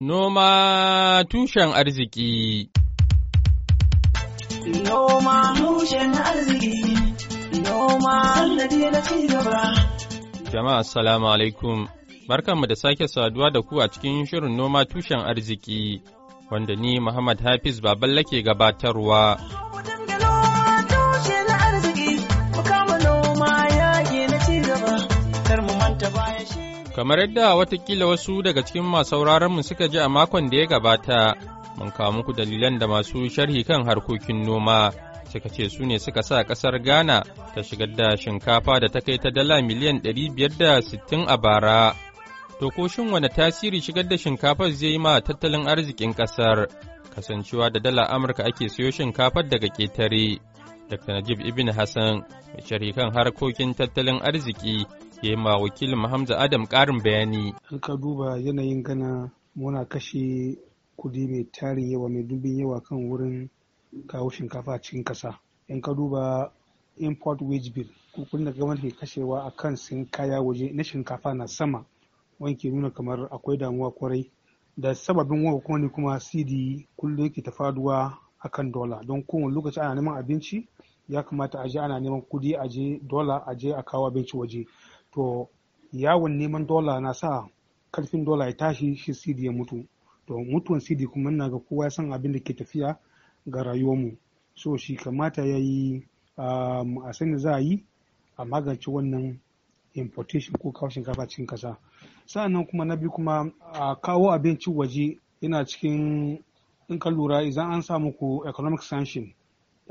Noma tushen arziki Noma tushen arziki Noma sallade na gaba Jama'a assalamu alaikum Barkanmu da sake saduwa da ku a cikin shirin noma tushen arziki wanda ni Muhammad Hafiz Baballa ke gabatarwa. Kamar yadda watakila wasu daga cikin masu mu suka ji a makon da ya gabata, mun kawo muku dalilan da masu sharhi kan harkokin noma suka ce su ne suka sa ƙasar Ghana ta shigar da shinkafa da ta kai ta dala miliyan 560 a bara. To ko shin wani tasiri shigar da shinkafar zai yi ma tattalin arzikin ƙasar? Kasancewa da dala Amurka ake siyo shinkafar daga ƙetare. Dr. Najib Ibn Hassan, mai sharhi kan harkokin tattalin arziki, ya ma wakilin Hamza Adam ƙarin bayani. An ka duba yanayin gana muna kashe kudi mai tarin yawa mai dubin yawa kan wurin kawo shinkafa a cikin ƙasa. In ka duba import wage bill kukun da gwamnati ke kashewa a kan sun kaya waje na shinkafa na sama wanke nuna kamar akwai damuwa kwarai da sababin wa kuma ne kuma cd kullum yake ta faduwa kan dola don kowane lokaci ana neman abinci ya kamata a je ana neman kudi a je dola a je a kawo abinci waje to yawon neman dola na sa karfin dola ya tashi shi sidi ya mutu to mutuwan sidi kuma na ga kowa ya san abin da ke tafiya ga rayuwarmu so shi kamata ya yi um, a sani za a yi a magance wannan importation ko kawo shinkafa cikin kasa sa'annan kuma na biyu kuma a kawo abinci waje yana cikin in ka lura idan an samu ko economic sanction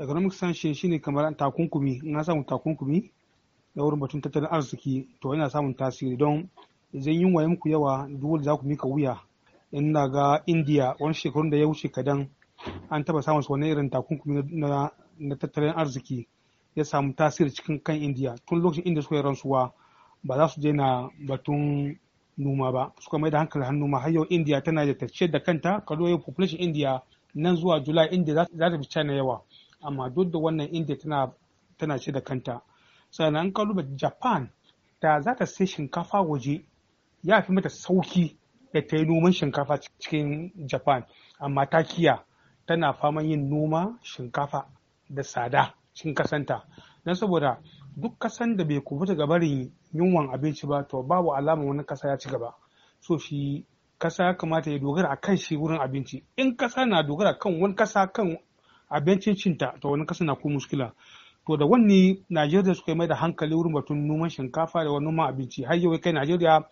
economic sanction shine kamar takunkumi in an samu takunkumi na wurin batun tattalin arziki to yana samun tasiri don zan yi wa muku yawa dole za ku mika wuya in na ga indiya wani shekarun da ya wuce kadan an taba samun su wani irin takunkumi na tattalin arziki ya samu tasiri cikin kan indiya tun lokacin inda suka yi rantsuwa ba za su daina batun numa ba suka mai da hankali hannu ma har yau indiya tana da tace da kanta kado yau population indiya nan zuwa july india za ta fi china yawa amma duk da wannan indiya tana ce da kanta sannan an duba japan da za ta sai shinkafa waje ya fi mata sauki da ta yi noman shinkafa cikin japan amma takiya tana faman yin noma shinkafa da tsada cikin kasanta don saboda duk kasan da bai kubuta ga barin yunwan abinci ba to babu alama wani kasa ya ci gaba so shi kasa ya kamata ya dogara akan shi wurin abinci in kasa na dogara kan wani kasa kan abincin cinta to wani kasa na ko muskila to da wanni najeriya suka mai da hankali wurin batun noman shinkafa da noman abinci har yau kai najeriya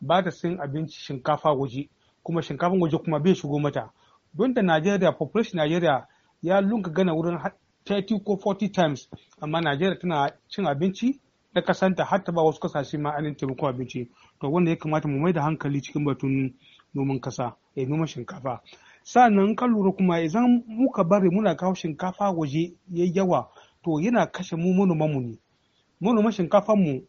ba ta sin abinci shinkafa waje kuma shinkafan waje kuma bai shigo mata don da najeriya population najeriya ya lunka gana wurin 30 ko 40 times amma najeriya tana cin abinci na kasanta har ta ba wasu kasashe ma ainihin taimakon abinci to wanda ya kamata mu mai da hankali cikin batun noman kasa ya eh, noman shinkafa sa'annan kan lura kuma idan muka bari muna kawo shinkafa waje ya yawa to yana kashe mu mu ne manoman mu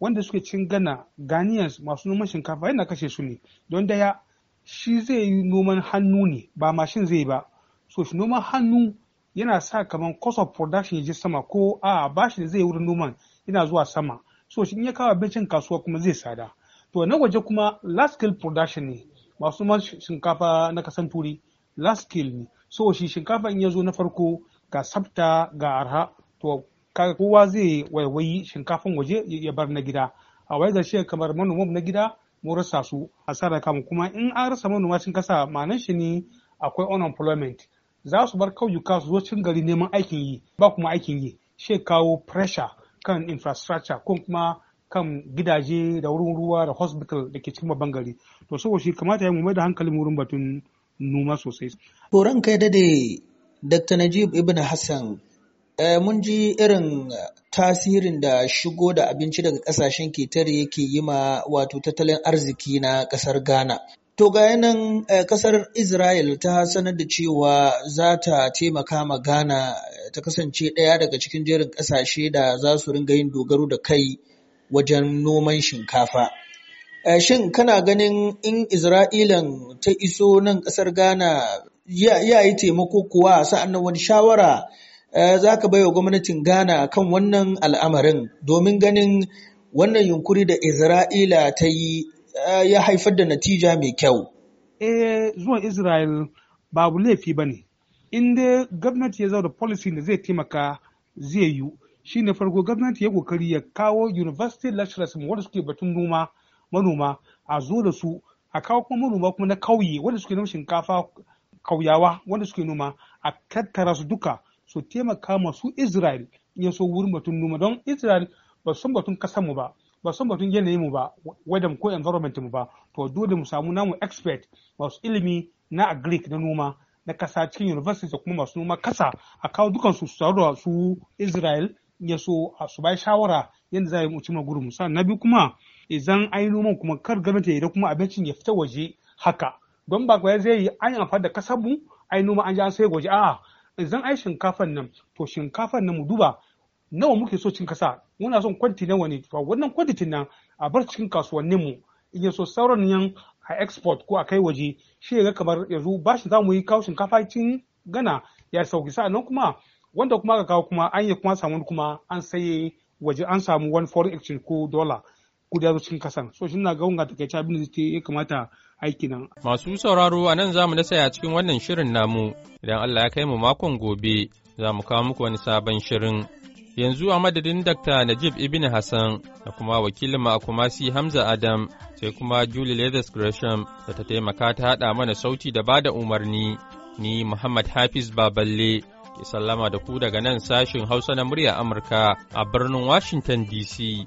wanda suke cin gana ganiyans masu noman shinkafa yana kashe su ne don daya shi zai yi noman hannu ne ba mashin zai ba so shi noman hannu yana sa kamar cost of production ya je sama ko a bashi da zai wurin noman yana zuwa sama so shi in ya kawo abincin kasuwa kuma zai sada to na waje kuma last scale production ne masu noman shinkafa na kasan turi last scale ne so shi shinkafa in ya zo na farko ga sabta ga arha to kaga kowa zai waiwayi shinkafin waje ya bar na gida a wai zace kamar manoma na gida mu rasa su asara kamu kuma in an rasa manoma cin kasa ma'anar shi ne akwai unemployment za su bar kauyuka su zo cin gari neman aikin yi ba kuma aikin yi shi kawo pressure kan infrastructure ko kuma kan gidaje da wurin ruwa da hospital da ke cikin babban gari to saboda shi kamata ya mu mai da hankalin wurin batun noma sosai. Horon kai dade Dr. Najib Ibn Hassan Eh, mun ji irin tasirin da shigo da abinci daga kasashen ketare yake yi ma wato tattalin arziki na kasar Ghana. To ga yanan kasar eh, Israel ta sanar da cewa za ta taimaka ma Ghana eh, ta kasance ɗaya daga cikin jerin ƙasashe da za su ringa yin dogaro da kai wajen noman shinkafa. Shin kana ganin in Isra'ilan ta iso nan ƙasar Ghana ya yi taimako kuwa sa'annan wani shawara Eh, za ka baiwa gwamnatin Ghana kan wannan al'amarin domin ganin wannan yunkuri da Isra'ila ta yi eh, ya haifar da natija mai kyau? Eh, zuwan Isra'il babu laifi ba ne. In dai gwamnati ya zau da policy da zai taimaka zai yi shi ne farko gwamnati ya kokari ya kawo university lecturers wanda suke batun noma manoma a zo da su a kawo kuma manoma kuma na kauye wanda suke noma shinkafa kauyawa wanda suke noma a tattara su duka su taimaka masu su Israel in ya so wurin batun noma don Israel ba san batun kasar mu ba ba san batun yanayin mu ba weather ko environment mu ba to dole mu samu namu expert masu ilimi na agric na noma na kasa cikin university kuma masu noma kasa a kawo dukan su da su Israel ya so su bai shawara yadda za a yi mu cimma gurin mu na biyu kuma idan an yi noman kuma kar gwamnati ya kuma abincin ya fita waje haka don ba zai yi an yi amfani da kasar mu ai noma an ji an sai waje a idan ai shinkafan nan to shinkafan nan mu duba nawa muke so cin kasa muna son kwanti nawa ne to wannan kwantitin nan a bar cikin kasuwannin mu in ya sauran yan a export ko a kai waje shi ga kamar yanzu bashi za mu yi kawo shinkafa cin gana ya sauki nan kuma wanda kuma ka kawo kuma an yi kuma samu kuma an saye waje an samu wani foreign exchange ko dollar kudi cikin kasan so shi na abin da zai ya kamata aiki nan. Masu sauraro a nan za mu dasa cikin wannan shirin namu idan Allah ya kai mu makon gobe za mu kawo muku wani sabon shirin. Yanzu a madadin Dr. Najib Ibn Hassan da kuma wakilin a Kumasi Hamza Adam sai kuma Julie Leathers Gresham da ta taimaka ta haɗa mana sauti da ba da umarni ni Muhammad Hafiz Baballe ke sallama da ku daga nan sashin Hausa na murya Amurka a birnin Washington DC.